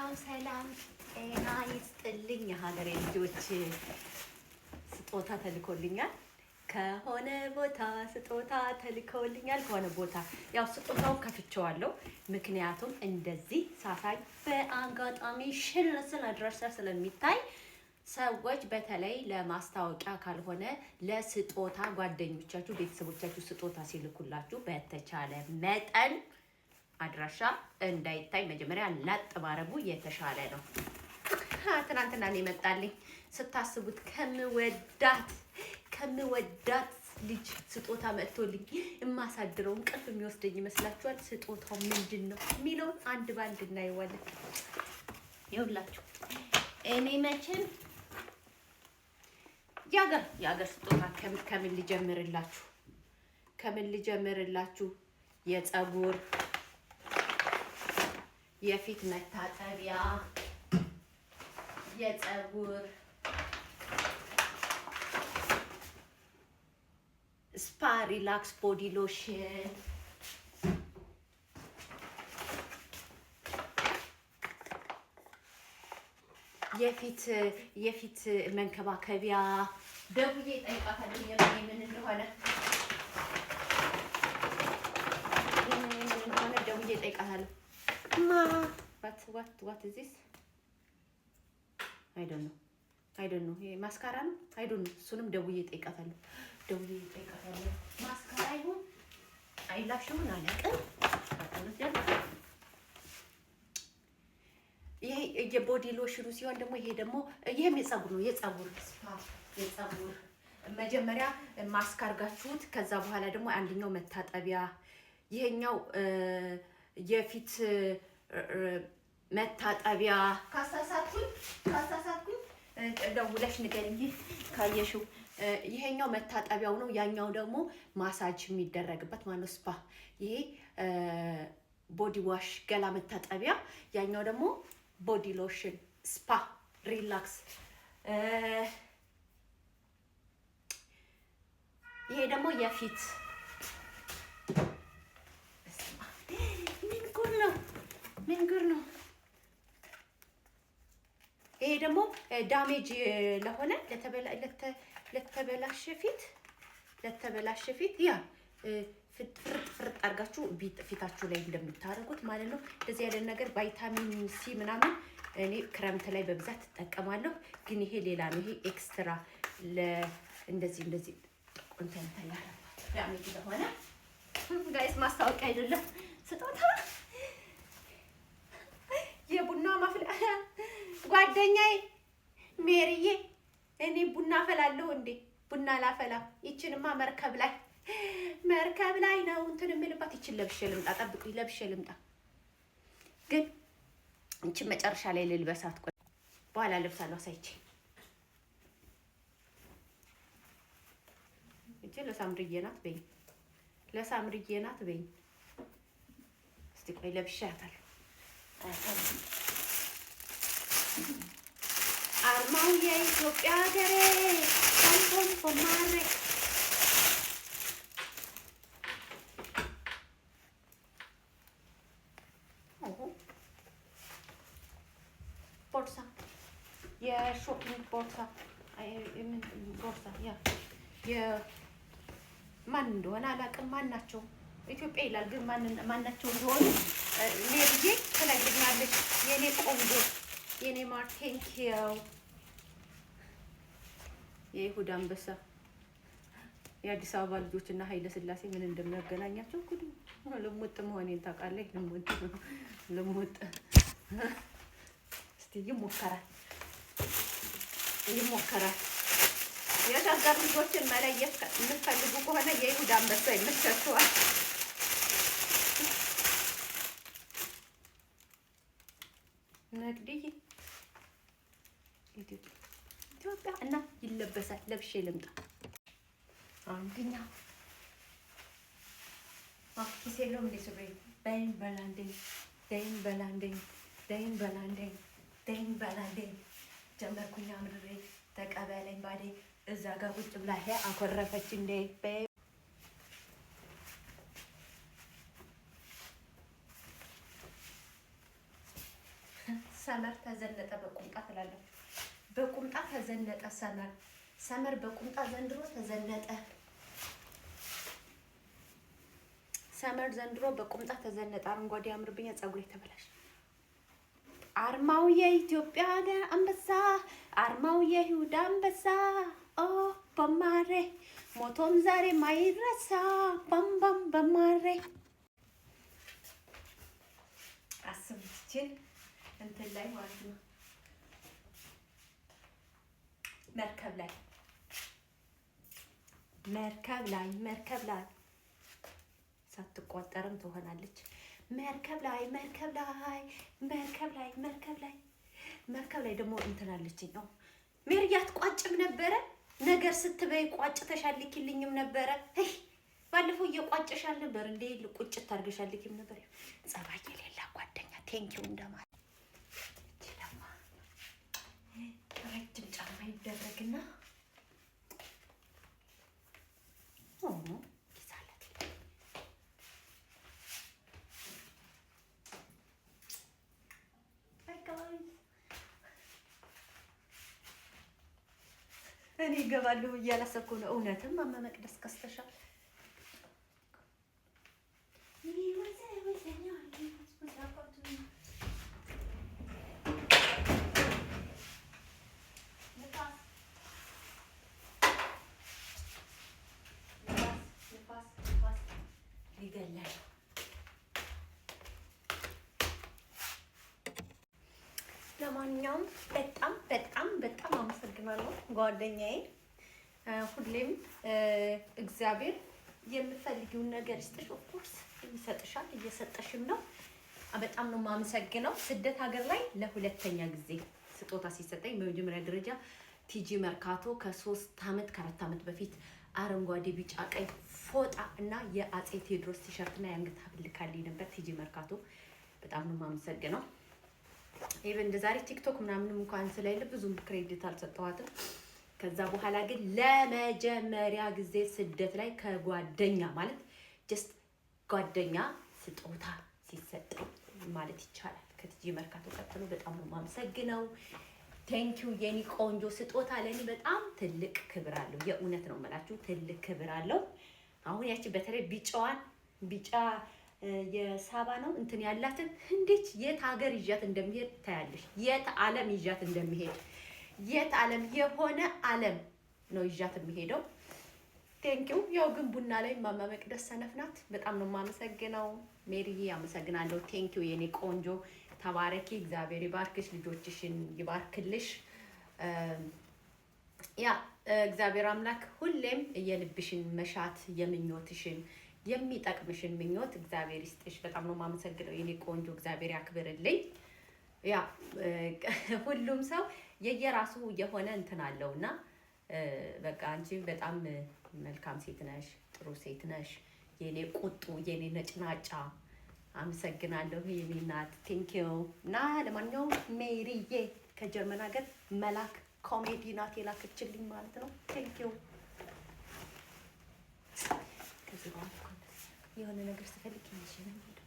ሰላም ሰላም፣ ጤና ይስጥልኝ የሀገሬ ልጆች። ስጦታ ተልኮልኛል ከሆነ ቦታ ስጦታ ተልኮልኛል ከሆነ ቦታ። ያው ስጦታው ከፍቼዋለሁ፣ ምክንያቱም እንደዚህ ሳሳይ በአጋጣሚ ሽንስን አድራሻ ስለሚታይ ሰዎች በተለይ ለማስታወቂያ ካልሆነ ለስጦታ ጓደኞቻችሁ፣ ቤተሰቦቻችሁ ስጦታ ሲልኩላችሁ በተቻለ መጠን አድራሻ እንዳይታይ መጀመሪያ ላጥ የተሻለ ነው። ትናንትና ነው የመጣልኝ። ስታስቡት ከምወዳት ከምወዳት ልጅ ስጦታ መጥቶልኝ የማሳድረው እንቅልፍ የሚወስደኝ ይመስላችኋል? ስጦታው ምንድን ነው የሚለውን አንድ በአንድ እናየዋለን። ይኸውላችሁ እኔ መቼም የሀገር የሀገር ስጦታ ከምን ልጀምርላችሁ ከምን ልጀምርላችሁ የፀጉር የፊት መታጠቢያ፣ የፀጉር ስፓ፣ ሪላክስ ቦዲ ሎሽን የፊት የፊት መንከባከቢያ ደውዬ እጠይቃታለሁ ምን እንደሆነ ምን እንደሆነ ደውዬ እጠይቃታለሁ። ዋት ዚስ አይዶን ነው አይዶን ነው ይሄ ማስካራ ነው። አይዶን ነው። እሱንም ደውዬ እጠይቃታለሁ ደውዬ እጠይቃታለሁ። ማስካራ ይሁን አይላሽ ይሁን አላውቅም። ይሄ የቦዲ ሎሽኑ ሲሆን ደግሞ ይሄ ደግሞ ይሄም የጸጉር ነው። የጸጉር ስፓ መጀመሪያ ማስክ ከዛ በኋላ ደግሞ አንደኛው መታጠቢያ ይሄኛው የፊት መታጠቢያ ካሳሳትኩኝ ካሳሳትኩኝ ደውለሽ ንገሪኝ ካየሽው ይሄኛው መታጠቢያው ነው ያኛው ደግሞ ማሳጅ የሚደረግበት ማለት ነው ስፓ ይሄ ቦዲ ዋሽ ገላ መታጠቢያ ያኛው ደግሞ ቦዲ ሎሽን ስፓ ሪላክስ ይሄ ደግሞ የፊት ግር ነው ይሄ ደግሞ ዳሜጅ ለሆነ ለተበላሸ ፊት ለተበላሸ ፊት ያ ፍርጥ ፍርጥ አድርጋችሁ ፊታችሁ ላይ እንደምታደርጉት ማለት ነው። እንደዚህ ያለ ነገር ቫይታሚን ሲ ምናምን እኔ ክረምት ላይ በብዛት ትጠቀማለሁ። ግን ይሄ ሌላ ነው። ይሄ ኤክስትራ እንደዚህ እንደዚህ ዳሜጅ ለሆነ ጋይስ ማስታወቂያ አይደለም ስጦታ ጓደኛዬ ሜሪዬ፣ እኔ ቡና ፈላለሁ እንዴ? ቡና ላፈላ። ይችንማ መርከብ ላይ መርከብ ላይ ነው እንትን የምልባት። ይችን ለብሼ ልምጣ፣ ጠብቁኝ፣ ለብሼ ልምጣ። ግን ይችን መጨረሻ ላይ ልልበሳት። ቆይ በኋላ ልብሳለሁ አሳይቼ እቺ ለሳምርዬ ናት በይኝ፣ ለሳምርዬ ናት በይኝ። እስቲ ቆይ ለብሻታል አርማው የኢትዮጵያ ሀገሬ ፖምፖም ፖማሬ ቦርሳ የሾፒንግ ቦርሳ ማን እንደሆነ አላውቅም። ማናቸው ኢትዮጵያ ይላል ግን ማናቸው እንደሆነ ሜሪዬ ትነግረኛለች የእኔ ቆንጆ የኔ ማር ቴንኪው። የይሁዳ አንበሳ የአዲስ አበባ ልጆች እና ኃይለ ሥላሴ ምን እንደሚያገናኛቸው ኩዱ ልሙጥ መሆኔን ታውቃለህ። ልሙጥ ልሙጥ እስቲ ይሞከራል፣ ይሞከራል። የጋገር ልጆችን መለየት የምትፈልጉ ከሆነ የይሁዳ አንበሳ ይመቻችኋል። ነግድይ ኢትዮጵያ እና ይለበሳል። ለብሼ ልምጣ። አንደኛ ኪስ የለውም እንዴ? ሱሪ ዳይን በላንደኝ ዳይን በላንደኝ ዳይን በላንደኝ ዳይን በላንደኝ ጀመርኩኝ አምርሬ ተቀበለኝ ባዴ እዛ ጋር ቁጭ ብላ ሄ አኮረፈች እንዴ ሰመር ተዘለጠ በቁምጣ ትላለች። በቁምጣ ተዘነጠ ሰመር ሰመር በቁምጣ ዘንድሮ ተዘነጠ ሰመር ዘንድሮ በቁምጣ ተዘነጠ። አረንጓዴ አምርብኛ ፀጉር የተበላሽ አርማው የኢትዮጵያ አንበሳ አርማው የይሁዳ አንበሳ ኦ በማሬ ሞቶም ዛሬ ማይረሳ ባምባም በማሬ አስብችን እንትን ላይ ማለት ነው። መርከብ ላይ መርከብ ላይ መርከብ ላይ ሳትቋጠርም ትሆናለች። መርከብ ላይ መርከብ ላይ መርከብ ላይ መርከብ ላይ መርከብ ላይ ደግሞ እንትን አለችኝ። ሜሪ አትቋጭም ነበረ ነገር ስትበይ ቋጭ ተሻልኪልኝም ነበረ። ባለፈው እየቋጨሻል ነበር እንዴ? ቁጭት አድርገሻልኪም ነበር። ጸባይ የሌላ ጓደኛ ቴንኪው እንደማለት እኔ እገባለሁ እያላሰብኩ ነው። እውነትም እማማ ከስተሻል። ለማንኛውም በጣም በጣም በጣም አመሰግናለሁ ጓደኛዬ። ሁሌም እግዚአብሔር የምፈልጊውን ነገር ይስጥሽ። ኦፍኮርስ ይሰጥሻል፣ እየሰጠሽም ነው። በጣም ነው የማመሰግነው። ስደት ሀገር ላይ ለሁለተኛ ጊዜ ስጦታ ሲሰጠኝ በመጀመሪያ ደረጃ ቲጂ መርካቶ ከሶስት ዓመት ከአራት ዓመት በፊት አረንጓዴ፣ ቢጫ፣ ቀይ ፎጣ እና የአፄ ቴዎድሮስ ቲሸርትና የአንገት ሀብል ልካልኝ ነበር ቲጂ መርካቶ። በጣም ነው የማመሰግነው። ኢቨን እንደ ዛሬ ቲክቶክ ምናምንም እንኳን ስለሌለ ብዙም ክሬዲት አልሰጠኋትም። ከዛ በኋላ ግን ለመጀመሪያ ጊዜ ስደት ላይ ከጓደኛ ማለት ጀስት ጓደኛ ስጦታ ሲሰጠኝ ማለት ይቻላል ከትጂ መርካቶ ቀጥሎ በጣም ነው የማመሰግነው። ቴንኪው የኔ ቆንጆ ስጦታ ለእኔ በጣም ትልቅ ክብር አለው። የእውነት ነው የምላችሁ ትልቅ ክብር አለው። አሁን ያቺ በተለይ ቢጫዋን ቢጫ የሳባ ነው እንትን ያላትን እንዴት የት ሀገር ይዣት እንደሚሄድ ታያለሽ። የት ዓለም ይዣት እንደሚሄድ የት ዓለም የሆነ ዓለም ነው ይዣት የሚሄደው። ቴንኪው። ያው ግን ቡና ላይ እማማ መቅደስ ሰነፍናት በጣም ነው የማመሰግነው። ሜሪዬ አመሰግናለሁ። ቴንኪው የኔ ቆንጆ ተባረኪ። እግዚአብሔር ይባርክሽ፣ ልጆችሽን ይባርክልሽ። ያ እግዚአብሔር አምላክ ሁሌም የልብሽን መሻት የምኞትሽን የሚጠቅምሽን ምኞት እግዚአብሔር ይስጥሽ። በጣም ነው የማመሰግነው የኔ ቆንጆ፣ እግዚአብሔር ያክብርልኝ። ያ ሁሉም ሰው የየራሱ የሆነ እንትን አለው እና በቃ አንቺ በጣም መልካም ሴት ነሽ፣ ጥሩ ሴት ነሽ። የኔ ቁጡ፣ የኔ ነጭናጫ፣ አመሰግናለሁ የኔ እናት ቴንኪዩ። እና ለማንኛውም ሜሪዬ ከጀርመን ሀገር መላክ ኮሜዲ ናት የላክችልኝ ማለት ነው። ቴንኪዩ ከዚህ you want to know the kitchen?